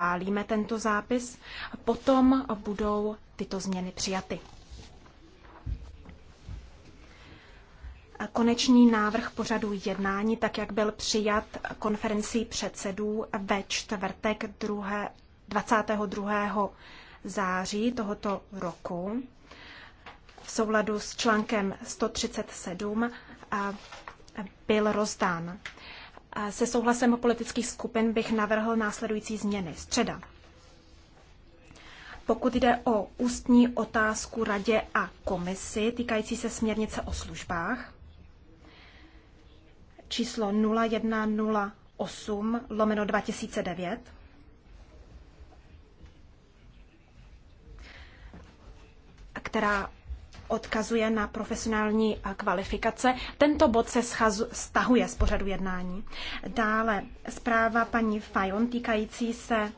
schválíme tento zápis, potom budou tyto změny přijaty. Konečný návrh pořadu jednání, tak jak byl přijat konferencí předsedů ve čtvrtek 2. 22. září tohoto roku, v souladu s článkem 137 byl rozdán. Se souhlasem politických skupin bych navrhl následující změny. Středa. Pokud jde o ústní otázku radě a komisi týkající se směrnice o službách, číslo 0108 lomeno 2009, která odkazuje na profesionální kvalifikace. Tento bod se schazu, stahuje z pořadu jednání. Dále zpráva paní Fajon týkající se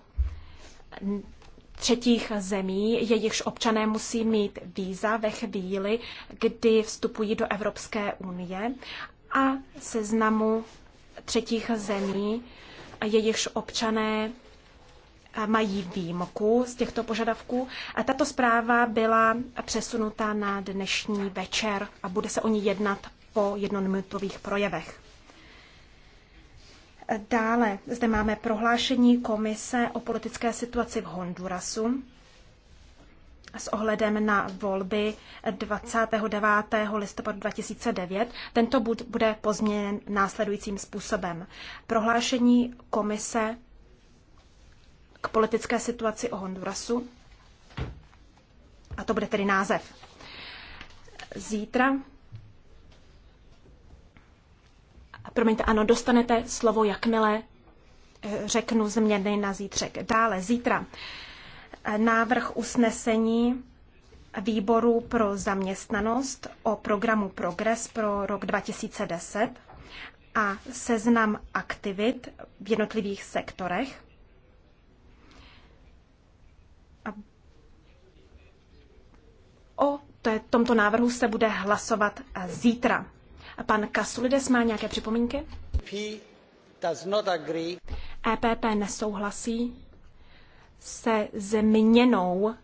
třetích zemí, jejichž občané musí mít víza ve chvíli, kdy vstupují do Evropské unie a seznamu třetích zemí, jejichž občané mají výjimku z těchto požadavků. A tato zpráva byla přesunuta na dnešní večer a bude se o ní jednat po jednominutových projevech. Dále zde máme prohlášení komise o politické situaci v Hondurasu s ohledem na volby 29. listopadu 2009. Tento bod bude pozměněn následujícím způsobem. Prohlášení komise k politické situaci o Hondurasu. A to bude tedy název. Zítra promiňte, ano, dostanete slovo, jakmile eh, řeknu změny na zítřek. Dále, zítra eh, návrh usnesení výboru pro zaměstnanost o programu Progress pro rok 2010 a seznam aktivit v jednotlivých sektorech. tomto návrhu se bude hlasovat eh, zítra. Pan Kasulides má nějaké připomínky? EPP e nesouhlasí se změnou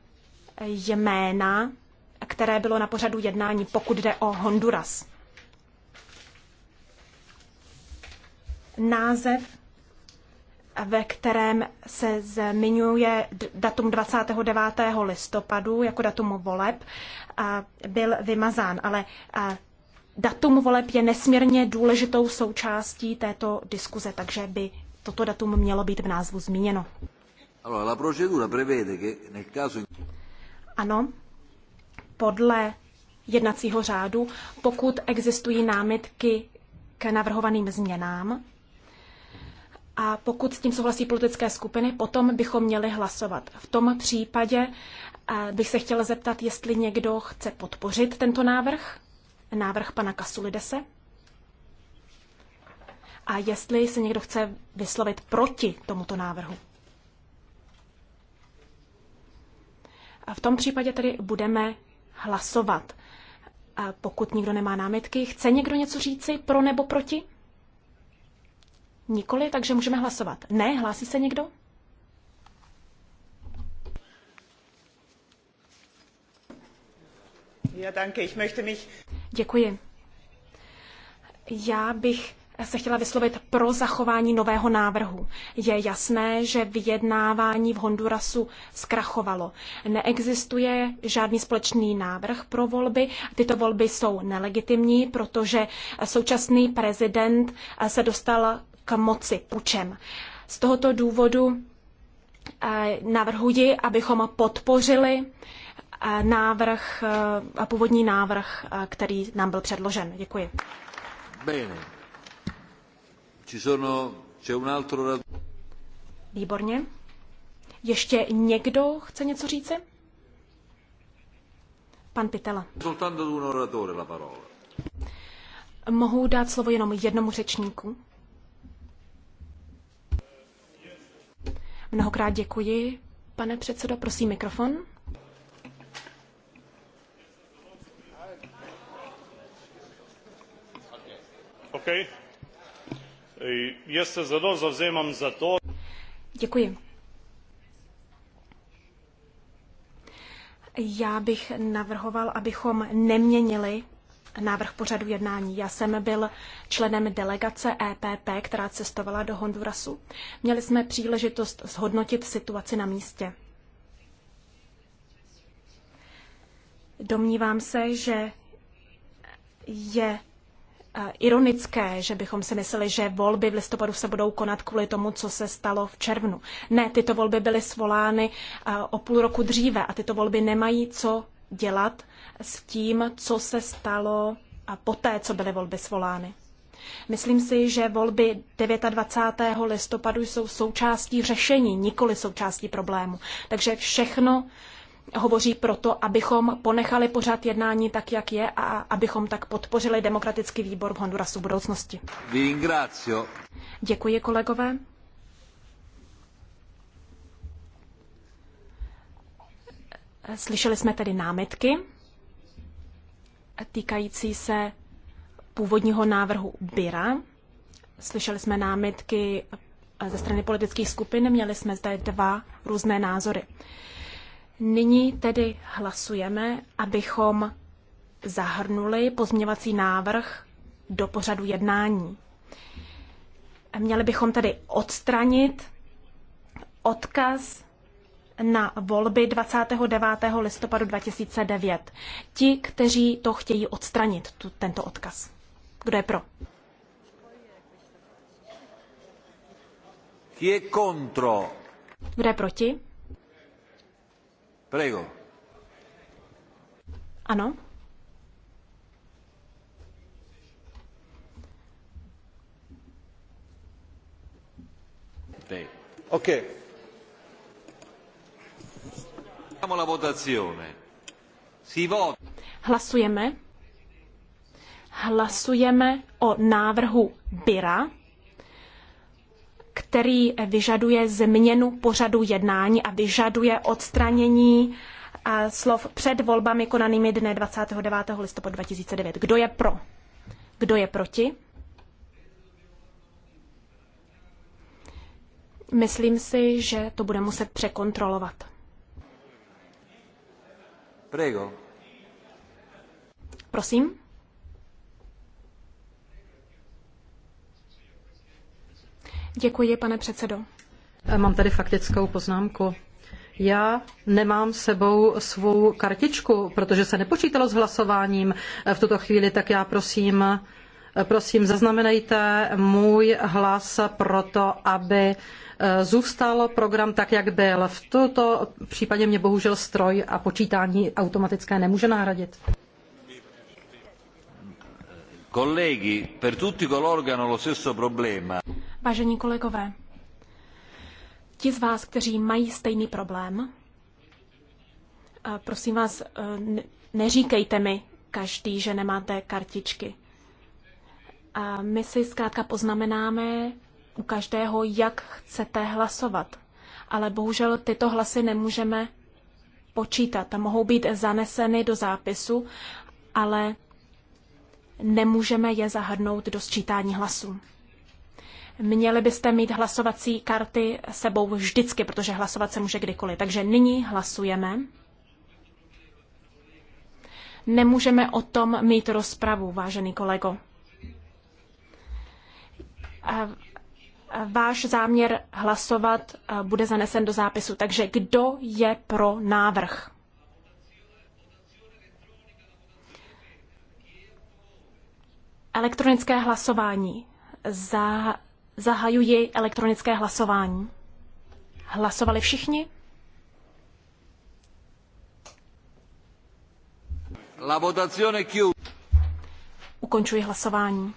jména, které bylo na pořadu jednání, pokud jde o Honduras. Název ve kterém se zmiňuje datum 29. listopadu jako datum voleb, byl vymazán. Ale datum voleb je nesmírně důležitou součástí této diskuze, takže by toto datum mělo být v názvu zmíněno. Ano, podle jednacího řádu, pokud existují námitky k navrhovaným změnám, a pokud s tím souhlasí politické skupiny, potom bychom měli hlasovat. V tom případě eh, bych se chtěla zeptat, jestli někdo chce podpořit tento návrh, návrh pana Kasulidese. A jestli se někdo chce vyslovit proti tomuto návrhu. A v tom případě tedy budeme hlasovat. A pokud nikdo nemá námitky, chce někdo něco říci pro nebo proti? Nikoli, takže můžeme hlasovat. Ne, hlásí se někdo? Ja, danke. Ich möchte mich... Děkuji. Já bych se chtěla vyslovit pro zachování nového návrhu. Je jasné, že vyjednávání v Hondurasu zkrachovalo. Neexistuje žádný společný návrh pro volby. Tyto volby jsou nelegitimní, protože současný prezident se dostal k moci pučem. Z tohoto důvodu eh, navrhuji, abychom podpořili eh, návrh, eh, původní návrh, který nám byl předložen. Děkuji. Bene. Ci sono, c'è un altro... Výborně. Ještě někdo chce něco říci? Pan Pitela. Mohu dát slovo jenom jednomu řečníku? Mnohokrát děkuji. Pane předsedo, prosím mikrofon. Okay. Jaz se zelo zavzemam za to. Děkuji. Já bych navrhoval, abychom neměnili návrh pořadu jednání. Já jsem byl členem delegace EPP, která cestovala do Hondurasu. Měli jsme příležitost zhodnotit situaci na místě. Domnívám se, že je eh, ironické, že bychom si mysleli, že volby v listopadu se budou konat kvůli tomu, co se stalo v červnu. Ne, tyto volby byly svolány eh, o půl roku dříve a tyto volby nemají co dělat s tím, co se stalo poté, co byly volby svolány. Myslím si, že volby 29. listopadu jsou součástí řešení, nikoli součástí problému. Takže všechno hovoří proto, abychom ponechali pořád jednání tak, jak je a abychom tak podpořili demokratický výbor v Hondurasu v budoucnosti. Děkuji kolegové. Slyšeli jsme tedy námitky týkající se původního návrhu BIRA. Slyšeli jsme námitky ze strany politických skupin, měli jsme zde dva různé názory. Nyní tedy hlasujeme, abychom zahrnuli pozměňovací návrh do pořadu jednání. Měli bychom tedy odstranit odkaz na volby 29. listopadu 2009. Ti, kteří to chtějí odstranit, tu, tento odkaz. Kdo je pro? Je Kdo je proti? Prego. Ano. Okay. Hlasujeme. Hlasujeme o návrhu Byra, který vyžaduje změnu pořadu jednání a vyžaduje odstranění eh, slov před volbami konanými dne 29. listopadu 2009. Kdo je pro? Kdo je proti? Myslím si, že to bude muset překontrolovat. Prego. Prosím. Děkuji, pane předsedo. Eh, mám tady faktickou poznámku. Já nemám sebou svou kartičku, protože se nepočítalo s hlasováním eh, v tuto chvíli, tak já prosím Prosím, zaznamenejte můj hlas pro to, aby eh, zůstal program tak, jak byl. V tomto případě mě bohužel stroj a počítání automatické nemůže nahradit. Kolegy, per tutti coloro che hanno lo stesso problema. Vážení kolegové, ti z vás, kteří mají stejný problém, eh, prosím vás, eh, neříkejte mi každý, že nemáte kartičky. A my si zkrátka poznamenáme u každého, jak chcete hlasovat. Ale bohužel tyto hlasy nemůžeme počítat. Mohou být zaneseny do zápisu, ale nemůžeme je zahrnout do sčítání hlasů. Měli byste mít hlasovací karty sebou vždycky, protože hlasovat se může kdykoliv. Takže nyní hlasujeme. Nemůžeme o tom mít rozpravu, vážený kolego váš záměr hlasovat bude zanesen do zápisu. Takže kdo je pro návrh? Elektronické hlasování. Za, zahajuji elektronické hlasování. Hlasovali všichni? La votazione chiude. Ukončuji hlasování.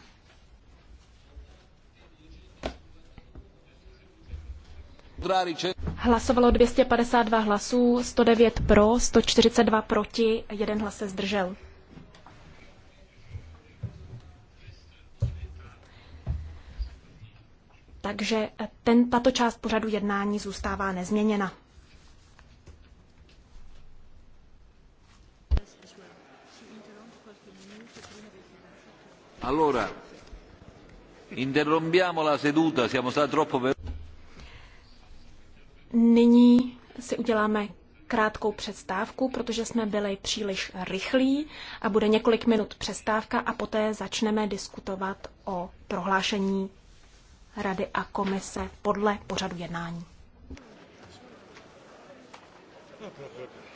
Hlasovalo 252 hlasů, 109 pro, 142 proti, jeden hlas se zdržel. Takže ten, tato část pořadu jednání zůstává nezměněna. Allora, interrompiamo la seduta, siamo stati troppo veloci. uděláme krátkou přestávku, protože jsme byli příliš rychlí a bude několik minut přestávka a poté začneme diskutovat o prohlášení Rady a komise podle pořadu jednání. No,